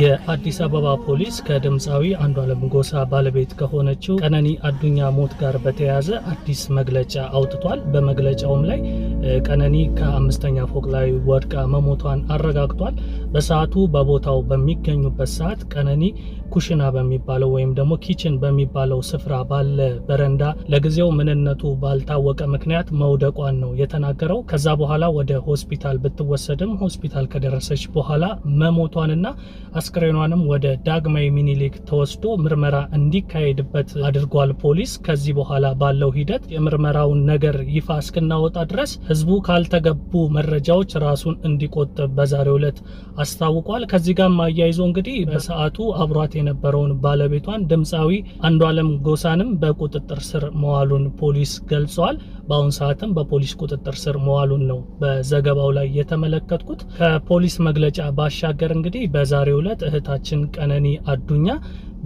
የአዲስ አበባ ፖሊስ ከድምፃዊ አንዷለም ጎሳ ባለቤት ከሆነችው ቀነኒ አዱኛ ሞት ጋር በተያያዘ አዲስ መግለጫ አውጥቷል። በመግለጫውም ላይ ቀነኒ ከአምስተኛ ፎቅ ላይ ወድቃ መሞቷን አረጋግጧል። በሰዓቱ በቦታው በሚገኙበት ሰዓት ቀነኒ ኩሽና በሚባለው ወይም ደግሞ ኪችን በሚባለው ስፍራ ባለ በረንዳ ለጊዜው ምንነቱ ባልታወቀ ምክንያት መውደቋን ነው የተናገረው። ከዛ በኋላ ወደ ሆስፒታል ብትወሰድም ሆስፒታል ከደረሰች በኋላ መሞቷንና አስክሬኗንም ወደ ዳግማዊ ሚኒሊክ ተወስዶ ምርመራ እንዲካሄድበት አድርጓል ፖሊስ። ከዚህ በኋላ ባለው ሂደት የምርመራውን ነገር ይፋ እስክናወጣ ድረስ ህዝቡ ካልተገቡ መረጃዎች ራሱን እንዲቆጥብ በዛሬው ዕለት አስታውቋል። ከዚህ ጋር አያይዞ እንግዲህ በሰዓቱ አብሯት የነበረውን ባለቤቷን ድምፃዊ አንዷለም ጎሳንም በቁጥጥር ስር መዋሉን ፖሊስ ገልጿል። በአሁኑ ሰዓትም በፖሊስ ቁጥጥር ስር መዋሉን ነው በዘገባው ላይ የተመለከትኩት። ከፖሊስ መግለጫ ባሻገር እንግዲህ በዛሬው ዕለት እህታችን ቀነኒ አዱኛ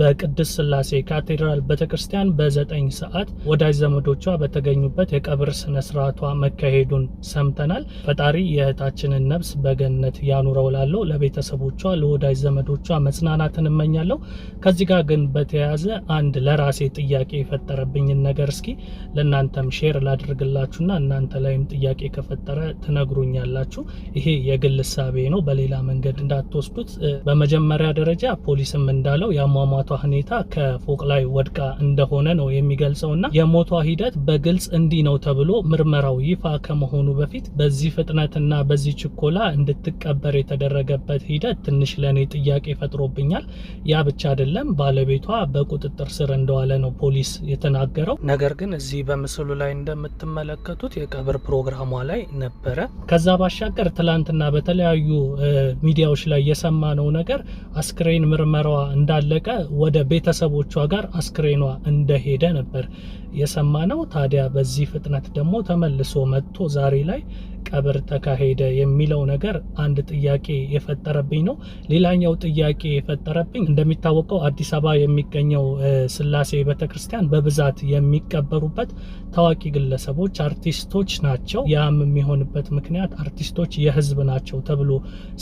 በቅድስት ስላሴ ካቴድራል ቤተክርስቲያን በዘጠኝ ሰዓት ወዳጅ ዘመዶቿ በተገኙበት የቀብር ስነ ስርዓቷ መካሄዱን ሰምተናል። ፈጣሪ የእህታችንን ነብስ በገነት ያኑረው ላለው ለቤተሰቦቿ ለወዳጅ ዘመዶቿ መጽናናትን እመኛለሁ። ከዚህ ጋር ግን በተያያዘ አንድ ለራሴ ጥያቄ የፈጠረብኝን ነገር እስኪ ለእናንተም ሼር ላድርግላችሁና እናንተ ላይም ጥያቄ ከፈጠረ ትነግሩኛላችሁ። ይሄ የግል ሳቤ ነው፣ በሌላ መንገድ እንዳትወስዱት። በመጀመሪያ ደረጃ ፖሊስም እንዳለው ያሟሟ የመሞቷ ሁኔታ ከፎቅ ላይ ወድቃ እንደሆነ ነው የሚገልጸው እና የሞቷ ሂደት በግልጽ እንዲህ ነው ተብሎ ምርመራው ይፋ ከመሆኑ በፊት በዚህ ፍጥነትና በዚህ ችኮላ እንድትቀበር የተደረገበት ሂደት ትንሽ ለእኔ ጥያቄ ፈጥሮብኛል። ያ ብቻ አይደለም፣ ባለቤቷ በቁጥጥር ስር እንደዋለ ነው ፖሊስ የተናገረው። ነገር ግን እዚህ በምስሉ ላይ እንደምትመለከቱት የቀብር ፕሮግራሟ ላይ ነበረ። ከዛ ባሻገር ትላንትና በተለያዩ ሚዲያዎች ላይ የሰማነው ነገር አስክሬን ምርመራዋ እንዳለቀ ወደ ቤተሰቦቿ ጋር አስክሬኗ እንደሄደ ነበር የሰማ ነው። ታዲያ በዚህ ፍጥነት ደግሞ ተመልሶ መጥቶ ዛሬ ላይ ቀብር ተካሄደ የሚለው ነገር አንድ ጥያቄ የፈጠረብኝ ነው። ሌላኛው ጥያቄ የፈጠረብኝ እንደሚታወቀው አዲስ አበባ የሚገኘው ስላሴ ቤተክርስቲያን በብዛት የሚቀበሩበት ታዋቂ ግለሰቦች፣ አርቲስቶች ናቸው። ያም የሚሆንበት ምክንያት አርቲስቶች የህዝብ ናቸው ተብሎ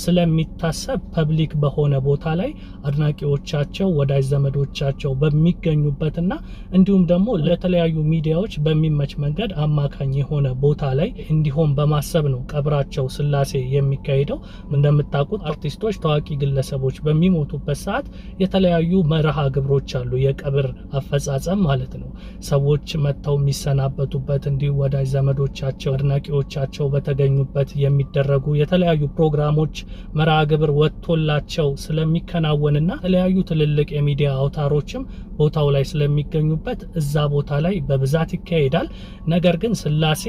ስለሚታሰብ ፐብሊክ በሆነ ቦታ ላይ አድናቂዎቻቸው፣ ወዳጅ ዘመዶቻቸው በሚገኙበትና እንዲሁም ደግሞ ለተለያዩ ሚዲያዎች በሚመች መንገድ አማካኝ የሆነ ቦታ ላይ እንዲሆን በማስ በማሰብ ነው ቀብራቸው ስላሴ የሚካሄደው። እንደምታውቁት አርቲስቶች፣ ታዋቂ ግለሰቦች በሚሞቱበት ሰዓት የተለያዩ መርሃ ግብሮች አሉ፣ የቀብር አፈጻጸም ማለት ነው። ሰዎች መጥተው የሚሰናበቱበት እንዲሁ ወዳጅ ዘመዶቻቸው፣ አድናቂዎቻቸው በተገኙበት የሚደረጉ የተለያዩ ፕሮግራሞች መርሃ ግብር ወጥቶላቸው ስለሚከናወንና የተለያዩ ትልልቅ የሚዲያ አውታሮችም ቦታው ላይ ስለሚገኙበት እዛ ቦታ ላይ በብዛት ይካሄዳል። ነገር ግን ስላሴ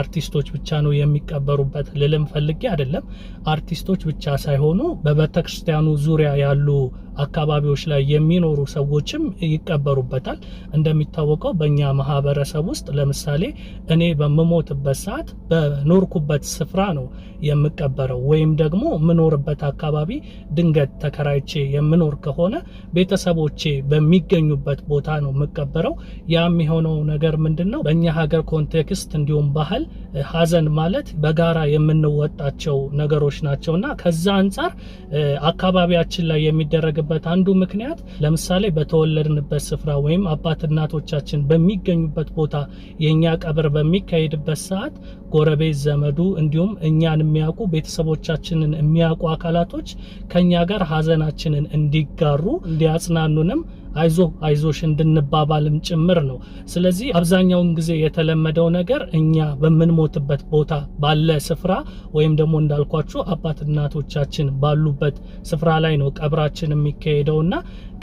አርቲስቶች ብቻ ነው የሚቀበሩበት ልልም ፈልጌ አይደለም። አርቲስቶች ብቻ ሳይሆኑ በቤተክርስቲያኑ ዙሪያ ያሉ አካባቢዎች ላይ የሚኖሩ ሰዎችም ይቀበሩበታል። እንደሚታወቀው በእኛ ማህበረሰብ ውስጥ ለምሳሌ እኔ በምሞትበት ሰዓት በኖርኩበት ስፍራ ነው የምቀበረው፣ ወይም ደግሞ የምኖርበት አካባቢ ድንገት ተከራይቼ የምኖር ከሆነ ቤተሰቦቼ በሚገኙበት ቦታ ነው የምቀበረው። ያም የሆነው ነገር ምንድን ነው በእኛ ሀገር ኮንቴክስት እንዲሁም ባህል ሀዘን ማለት ማለት በጋራ የምንወጣቸው ነገሮች ናቸው እና ከዛ አንጻር አካባቢያችን ላይ የሚደረግበት አንዱ ምክንያት ለምሳሌ በተወለድንበት ስፍራ ወይም አባት እናቶቻችን በሚገኙበት ቦታ የእኛ ቀብር በሚካሄድበት ሰዓት ጎረቤት፣ ዘመዱ እንዲሁም እኛን የሚያውቁ ቤተሰቦቻችንን የሚያውቁ አካላቶች ከኛ ጋር ሀዘናችንን እንዲጋሩ እንዲያጽናኑንም አይዞ አይዞሽ እንድንባባልም ጭምር ነው። ስለዚህ አብዛኛውን ጊዜ የተለመደው ነገር እኛ በምንሞትበት ቦታ ባለ ስፍራ ወይም ደግሞ እንዳልኳችሁ አባት እናቶቻችን ባሉበት ስፍራ ላይ ነው ቀብራችን የሚካሄደውና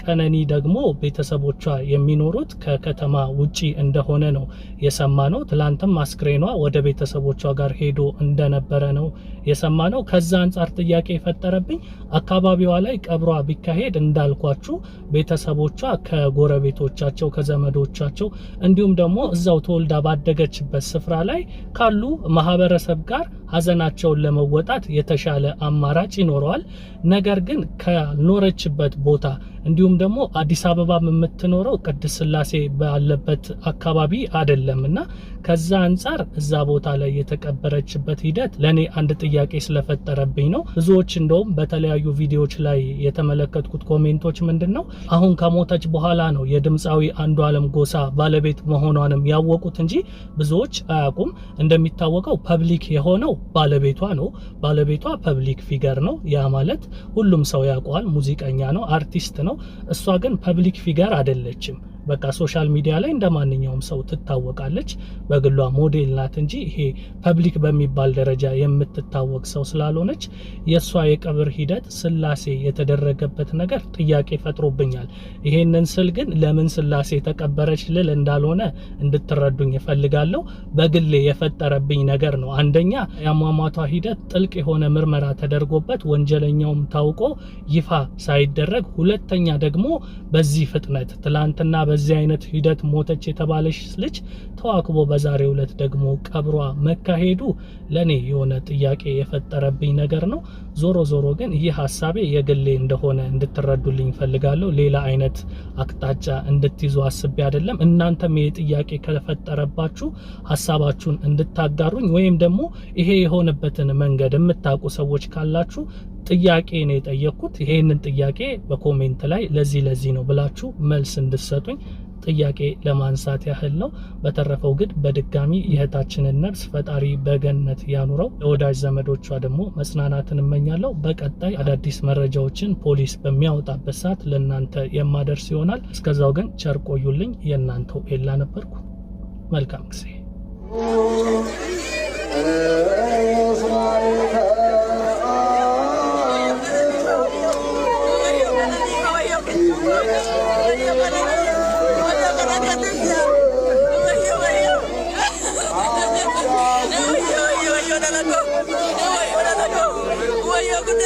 ቀነኒ ደግሞ ቤተሰቦቿ የሚኖሩት ከከተማ ውጪ እንደሆነ ነው የሰማ ነው። ትላንትም አስክሬኗ ወደ ቤተሰቦቿ ጋር ሄዶ እንደነበረ ነው የሰማ ነው። ከዛ አንጻር ጥያቄ የፈጠረብኝ አካባቢዋ ላይ ቀብሯ ቢካሄድ እንዳልኳችሁ ቤተሰቦቿ ከጎረቤቶቻቸው ከዘመዶቻቸው እንዲሁም ደግሞ እዛው ተወልዳ ባደገችበት ስፍራ ላይ ካሉ ማህበረሰብ ጋር ሀዘናቸውን ለመወጣት የተሻለ አማራጭ ይኖረዋል። ነገር ግን ከኖረችበት ቦታ እንዲሁም ደግሞ አዲስ አበባ የምትኖረው ቅድስት ስላሴ ባለበት አካባቢ አይደለም እና ከዛ አንጻር እዛ ቦታ ላይ የተቀበረችበት ሂደት ለእኔ አንድ ጥያቄ ስለፈጠረብኝ ነው። ብዙዎች እንደውም በተለያዩ ቪዲዮዎች ላይ የተመለከትኩት ኮሜንቶች ምንድን ነው አሁን ከሞተች በኋላ ነው የድምፃዊ አለም ጎሳ ባለቤት መሆኗንም ያወቁት እንጂ ብዙዎች አያውቁም። እንደሚታወቀው ፐብሊክ የሆነው ባለቤቷ ነው። ባለቤቷ ፐብሊክ ፊገር ነው። ያ ማለት ሁሉም ሰው ያውቀዋል። ሙዚቀኛ ነው፣ አርቲስት ነው። እሷ ግን ፐብሊክ ፊገር አይደለችም። በቃ ሶሻል ሚዲያ ላይ እንደ ማንኛውም ሰው ትታወቃለች። በግሏ ሞዴል ናት እንጂ ይሄ ፐብሊክ በሚባል ደረጃ የምትታወቅ ሰው ስላልሆነች የእሷ የቀብር ሂደት ስላሴ የተደረገበት ነገር ጥያቄ ፈጥሮብኛል። ይሄንን ስል ግን ለምን ስላሴ ተቀበረች ልል እንዳልሆነ እንድትረዱኝ እፈልጋለሁ። በግሌ የፈጠረብኝ ነገር ነው። አንደኛ የአሟሟቷ ሂደት ጥልቅ የሆነ ምርመራ ተደርጎበት ወንጀለኛውም ታውቆ ይፋ ሳይደረግ፣ ሁለተኛ ደግሞ በዚህ ፍጥነት ትላንትና በዚህ አይነት ሂደት ሞተች የተባለች ልጅ ተዋክቦ በዛሬ ዕለት ደግሞ ቀብሯ መካሄዱ ለእኔ የሆነ ጥያቄ የፈጠረብኝ ነገር ነው። ዞሮ ዞሮ ግን ይህ ሀሳቤ የግሌ እንደሆነ እንድትረዱልኝ ፈልጋለሁ ሌላ አይነት አቅጣጫ እንድትይዙ አስቤ አይደለም። እናንተም ይህ ጥያቄ ከፈጠረባችሁ ሀሳባችሁን እንድታጋሩኝ ወይም ደግሞ ይሄ የሆነበትን መንገድ የምታውቁ ሰዎች ካላችሁ ጥያቄ ነው የጠየቅኩት። ይሄንን ጥያቄ በኮሜንት ላይ ለዚህ ለዚህ ነው ብላችሁ መልስ እንድሰጡኝ ጥያቄ ለማንሳት ያህል ነው። በተረፈው ግን በድጋሚ የእህታችንን ነፍስ ፈጣሪ በገነት ያኑረው፣ ለወዳጅ ዘመዶቿ ደግሞ መጽናናትን እመኛለሁ። በቀጣይ አዳዲስ መረጃዎችን ፖሊስ በሚያወጣበት ሰዓት ለእናንተ የማደርስ ይሆናል። እስከዛው ግን ቸር ቆዩልኝ። የእናንተው ኤላ ነበርኩ። መልካም ጊዜ Uy, you uy, uy, uy,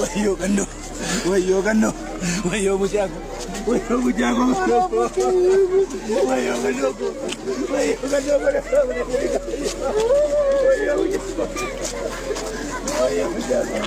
wayo kando wayo kando wayo mujako wayo mujako wayo kando wayo kando wayo mujako wayo mujako